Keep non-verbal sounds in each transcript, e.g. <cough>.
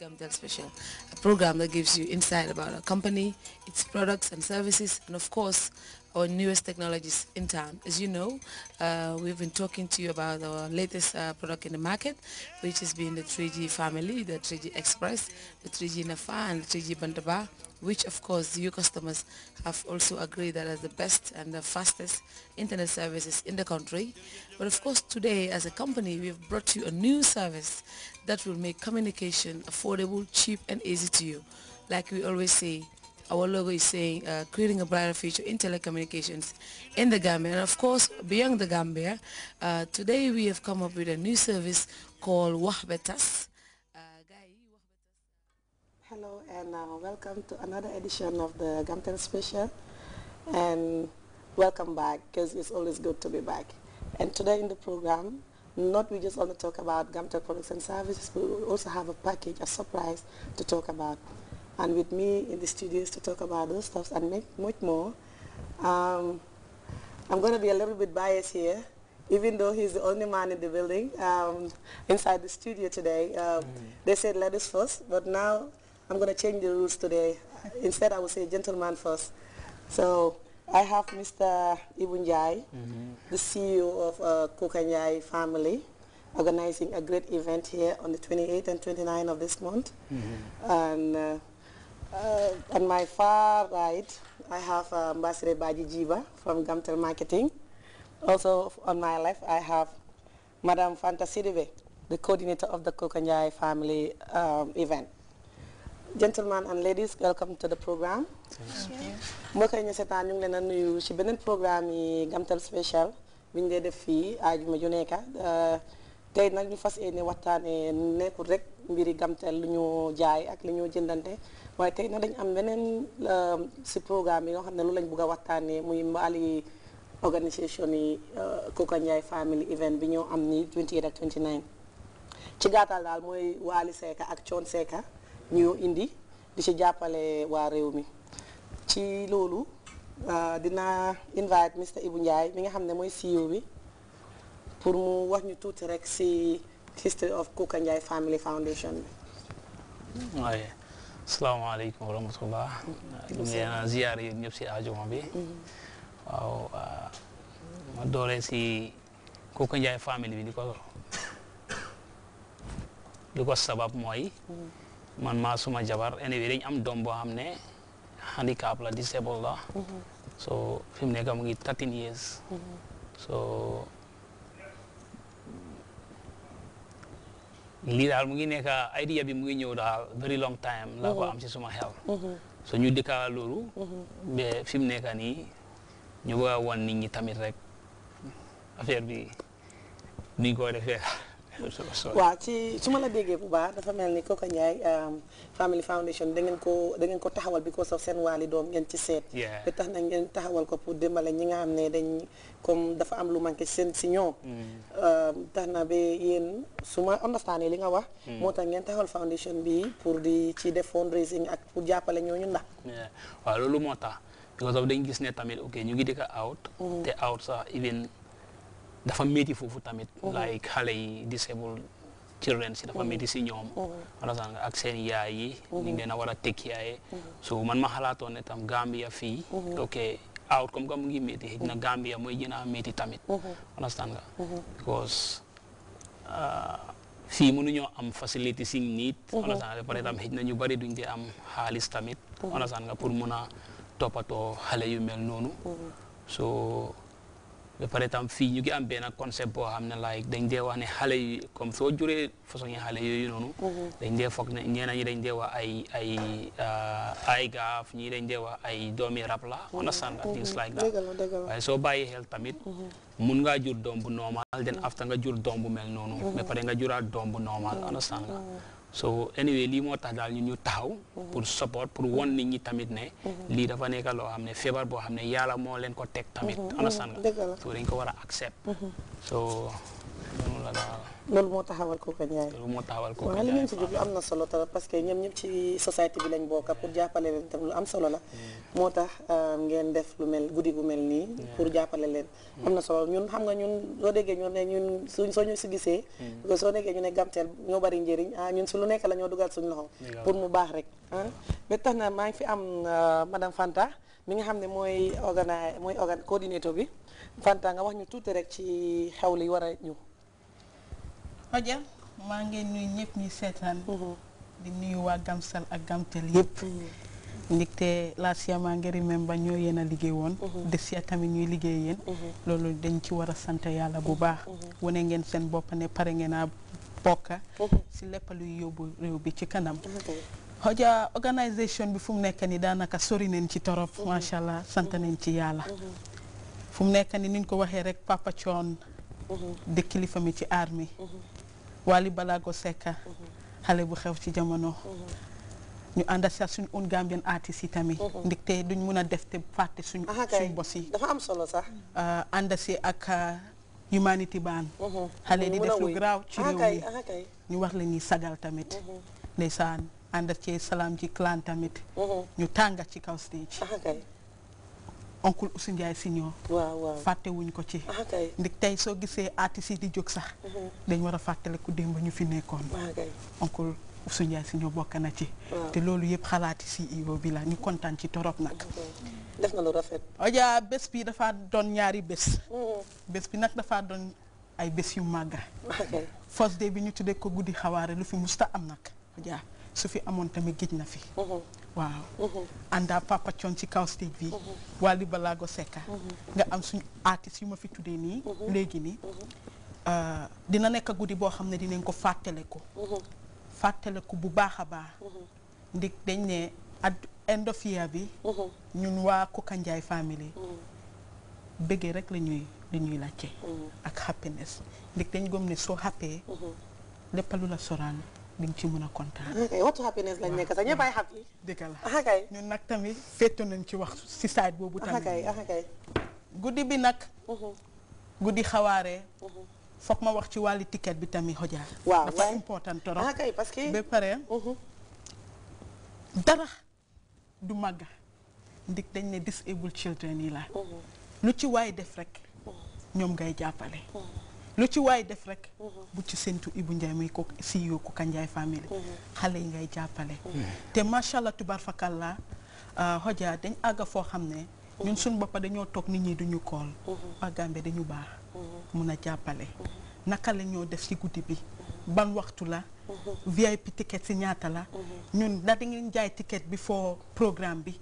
Gamtel Special, a program that gives you insight about our company, its products and services, and of course, or newest technologies in town. As you know, uh, we've been talking to you about our latest uh, product in the market, which has been the 3G family, the 3G Express, the 3G Nafa, and the 3G Bandaba, which of course you customers have also agreed that as the best and the fastest internet services in the country. But of course today as a company we've brought you a new service that will make communication affordable, cheap and easy to you. Like we always say, our logo is saying uh, creating a brighter future in telecommunications in the Gambia. And of course, beyond the Gambia, uh, today we have come up with a new service called Wahbetas. Uh, Hello and uh, welcome to another edition of the Gamten Special and welcome back because it's always good to be back. And today in the program, not we just want to talk about Gamtel products and services, but we also have a package, a surprise to talk about and with me in the studios to talk about those stuffs and make much more. Um, I'm going to be a little bit biased here, even though he's the only man in the building um, inside the studio today. Um, mm. They said ladies first, but now I'm going to change the rules today. Instead, I will say gentleman first. So I have Mr. Ibunjai, mm -hmm. the CEO of uh, Kukanyai family organizing a great event here on the 28th and 29th of this month. Mm -hmm. And uh, uh, on my far right, I have uh, Ambassador Baji Jiba from Gamtel Marketing. Also on my left, I have Madame Fanta Sidibe, the coordinator of the Kokanjai family um, event. Gentlemen and ladies, welcome to the program. Thank you. ñu seetaan ñu ngi leen a nuyu ci beneen programme yi Gamtel Special bi ñu dee def fii ajuma ju uh, tey nag ñu fas yéene waxtaanee nekkul rek mbiri gamteel lu ñu jaay ak lu ñu jëndante waaye tey nag dañu am beneen euh, si programme yi nga xam ne lu lañ bugg a waxtaanee muy mbaali organisation yi Koka euh, Ndiaye family event bi ñoo am ni 28 ak 29 ci gàttal daal mooy Waly Seeka ak Thione Seeka ñu indi di si jàppale waa réew mi ci loolu euh, dina invite Mr ibu Ndiaye mi nga xam ne mooy CEO bi pour mu wax ñu tuuti rek si history of Kuka Ndiaye Family Foundation bi. waaye asalaamaaleykum wa rahmatullah. ñu ngi leen a ziar si ajuma bi. Mhm. waaw euh, ma doole si Kuka Ndiaye Family bi li ko li ko sabab mooy. Mhm. man maa suma jabar anyway dañ am doom boo xam ne handicap la disable la. Mhm. so fi mu nekk mu ngi 13 years. so. lii daal mu ngi nekk idea bi mu ngi ñëw daal very long time laa ko am si suma xel mm-hmm. Mm-hmm. so ñu dëkkaa loolu mm-hmm. ba fi mu nekk nii ñu bëgg a wan nit ñi tamit rek affaire bi nuñ koy defee waa ci suma la déggee bu baax dafa mel ni Coka Ndiaye um, Family Foundation da ngeen ko da ngeen ko taxawal bi ko sax seen waali doom ngeen ci seet ba tax na ngeen taxawal ko pour dimbale ñi nga xam ne dañ comme dafa am lu manqué seen si ñoom mm. um, tax na ba yéen su ma understand li nga wax mm. moo tax ngeen taxawal foundation bi pour di ci def fundraising ak pour jàppale ñooñu ndax waaw loolu moo tax because of dañ gis ne tamit ok ñu ngi dëkk out mm. te out sax even dafa métti foofu tamit. Oh. like xale yi disabled children si dafa oh. métti si ñoom. Oh. alasan ak seen yaay yi. ni ngeen a war a tekki yaay. so man ma xalaatoon ne tam Gambia fii. ok out comme que mu ngi métti xëy na Gambia mooy gën a métti tamit. understand nga. because uh, fii mënuñoo am facilité si nit. understand nga bari duñ dee am xaalis tamit. understand nga pour mun a toppatoo xale yu mel noonu. ba pare tam fii ñu ngi am benn concept boo xam ne like dañ dee wax ne xale yi comme soo juree façon yi xale yooyu noonu. Mhm. dañ dee foog ne ñeneen ñi dañ dee wax ay ay ah, ay gaaf ñii dañ dee wax ay doomi rab la. Mhm. understand that mhm. things like that. soo bàyyi xel tamit. mun ngaa jur doom bu normal den after nga jur doom bu mel noonu. ba pare nga juraat doom bu normal understand nga. so anyway lii moo tax daal ñun ñu taxaw. pour support pour won ni ñi tamit ne. lii dafa nekka loo xam ne feebar boo xam ne yàlla moo leen ko teg tamit. understand mhm. nga mhm. so dañ ko war a accept. Mhm. so noonu la daal. loolu moo taxawal Koka Ndiaye. loolu moo taxawal Koka Ndiaye waaw li ngeen si jublu am na solo trop parce que ñoom ñëpp ci société bi lañ bokk pour jàppale leen tam lu am solo la. Hmm. moo tax euh, ngeen def lu mel guddi gu mel nii. Hmm. pour jàppale leen. Hmm. am na solo ñun xam nga ñun soo déggee ñu ne ñun suñ soo ñu si gisee. soo déggee ñu ne gamteel ñoo bari njëriñ ah ñun su lu nekk la ñoo dugal suñu loxo. pour mu baax rek ah. ba tax naa maa ngi fi am euh, madame Fanta mi nga xam ne mooy organi mooy organ coordinateur bi Fanta nga wax ñu tuuti rek ci xew li war a ñu Adja maa ngeen nuyu ñëpp ñi seetaan mm-hmm. di nuyu waa Gamsal ak Gamtel yëpp mm-hmm. ndigte last year maa ngi remember ñoo yéen a liggéey woon mm-hmm. this year tamit ñuy liggéey yéen loolu dañ ci war a sant yàlla bu baax wane ngeen seen bopp ne pare ngeen a bokka si lépp luy yóbbu réew bi ci kanam Adja organisation bi fu mu nekk ni daanaka sori neen ci torop macha allah sant nañ ci yàlla fu mu nekk ni niñ ko waxee rek Papa Thione di kilifa mi ci armée Wally Balago Seck xale bu xew ci jamono. ñu ànd ak suñ un Gambian artist yi tamit. ndaxte duñ mun a def te fàtte suñ. suñ bos yi dafa am solo sax. Euh, ànd si ak euh, humanity baan. xale di def lu garaaw ci réew mi ñu wax la ñuy sagal tamit. ndeysaan ànd ak salaam ji clan tamit. ñu tànga ci kaw stage. oncle Ousseynou Ndiaye Signor. waaw waaw fàttewuñ ko ci. Ah, ndik tey soo gisee artistes yi di jóg sax. Mhm. dañ war a fàttaliku démb ñu fi nekkoon. Ah, oncle Ousseynou Ndiaye Signor bokk na ci. te loolu yëpp xalaati si CEO bi la ñu kontaan ci torop nag. Ah, def rafet. oja bés bi dafa doon ñaari bés. Mhm. bés bi nag dafa doon ay bés yu màgga first day bi ñu tuddee ko guddi xawaare lu fi musta am nag su fi amoon tamit géej na fi mhm. waaw mhm. ànda papa ci kaw stage bi mhm. Wally Ballago Seck nga am suñu artistes yu ma fi tuddee nii léegi nii euh, dina nekk guddi boo xam ne dinañ ko fàttale ko fàttale ko bu baax a baax ndig dañ ne at end of bi ñun waa Kuka Njaay family bëggee rek la ñuy li ñuy laajte ak happiness ndig dañ gom ne soo happee lépp la soraan di nga ci mën a kontaan. Mm, eh, waxtu happiness lañ nekk sax ñëpp ay happy. dëgg la kay nag tamit féetu nañ ci wax si side boobu tamit. kay guddi bi nag. Mm-hmm. guddi xawaare. Mm-hmm. foog ma wax ci wàllu ticket bi tamit xojaar. waaw dafa important trop. parce que ba pare. Mm-hmm. dara du màgg ndik dañ ne disabled children yi la. lu ci waay def rek. ñoom ngay jàppale. lu ci waay def rek. Mhm. bu ci séntu Ibou Ndiaye muy ko CEO Kuka Ndiaye famille. Mhm. xale yi ngay jàppale. Mhm. te macha allah tubarfakalla xoja euh, dañ àgg foo xam ne. ñun suñ boppa dañoo toog nit ñi duñu kool. waa Gambie dañu baax. mun a jàppale. naka la ñoo def ci guddi bi. ban waxtu la. VIP ticket si ñaata la. ñun da ngeen jaay ticket bi foo programme bi.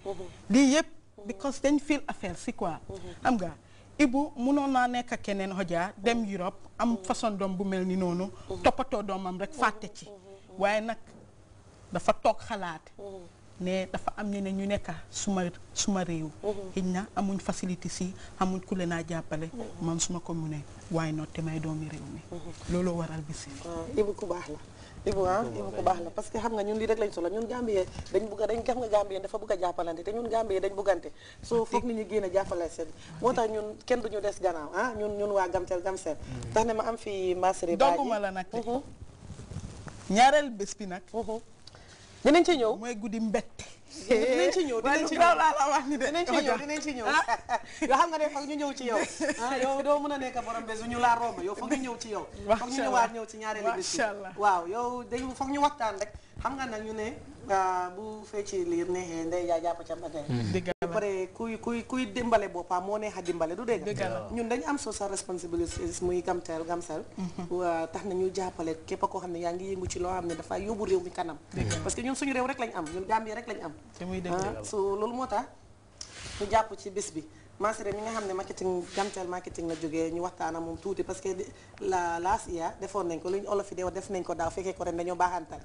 lii yëpp because dañ fil affaire si quoi. xam nga. Ibu munoon naa nekk keneen Hoja dem Europe am façon doom bu mel ni noonu toppatoo doomam rek fàtte ci waaye nag dafa toog xalaat ne dafa am ñeneen ñu nekka suma suma réew mm-hmm. xëy na amuñ facilité si amuñ ku leen a jàppale mm-hmm. man suma ko commune waaye not te may doomi réew mi mm-hmm. looloo waral bi si ah, ibu ku baax la ibu ah, ku baax la parce que xam nga ñun lii rek lañ soxla ñun gambiyee dañ bugg dañ xam nga gambiyee dafa bugg a jàppalante te ñun gambiyee dañ buggante soo ah, foog nit ñu génn a jàppale seen moo tax ñun kenn duñu des gannaaw ah ñun ñun waa gamtel gamsel tax ne ma am fi masri baaji dogguma la nag ñaareel bés bi nag dinañ ci ñëw mooy guddi mbette. dinañ ci ñëw dinañ ci ñëw la wax ni de. dinañ ci ñëw dinañ ci ñëw <laughs> yoo xam nga ne foog ñu ñëw ci yow <laughs> ah yow doo mën a nekk borom bés ñu laa romb yow foog ñu ñëw ci yow. <laughs> foog ñu ñëwaat ñëw ci ñaareelu bés waaw yow dañu foog ñu waxtaan rek xam nga nag ñu ne ah, bu feccee liir neexee ndey jaay jàpp ca pare kuy kuy kuy dimbale boppam moo neex a dimbale du dégg ñun dañ am social responsibilities muy gamtel gamsel mhm. tax na ñu jàppale képp koo xam ne yaa ngi yëngu ci loo xam ne dafa yóbbu réew mi kanam parce que ñun suñu réew rek lañ am ñun Gambie rek lañ am ah, so loolu moo tax ñu jàpp ci bis bi masere mi nga xamne marketing gamtel marketing la joge ñu waxtana mom touti parce que la last year defon nañ ko lu olof yi de def nañ ko daaw fekke ko ren dañu baaxantal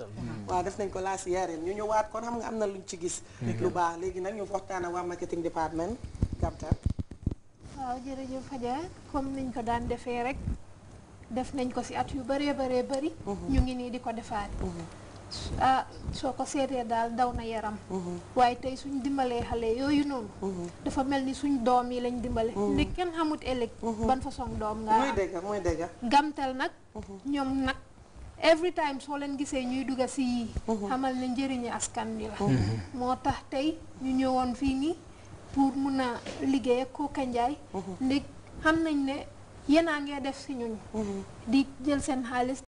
wa def nañ ko last year ren ñu waat kon xam nga amna luñ ci gis lu baax legi nak ñu waxtana wa marketing department gamtel jere ñu faja comme niñ ko daan defé rek def nañ ko ci at yu bëree bëree bëri mhm. ñu ngi ni di defaat mhm so ah, soo ko seetee daal daw na yaram mhm. waaye tay suñ dimbalé xale yoyu non mhm. dafa melni ni suñ dom yi lañ dimbalé mhm. ndi kenn xamut élek ban façon dom nga muy dégga muy dégga gamtal nak ñom nak every time so len gisé ñuy dugga si hamal xamal ni njëriñu askan bi la motax tay ñu ñëwoon fi ni pour mëna liggé ko ak Coka Njie ndi xam nañ ne def ci ñun di jël sen xaliss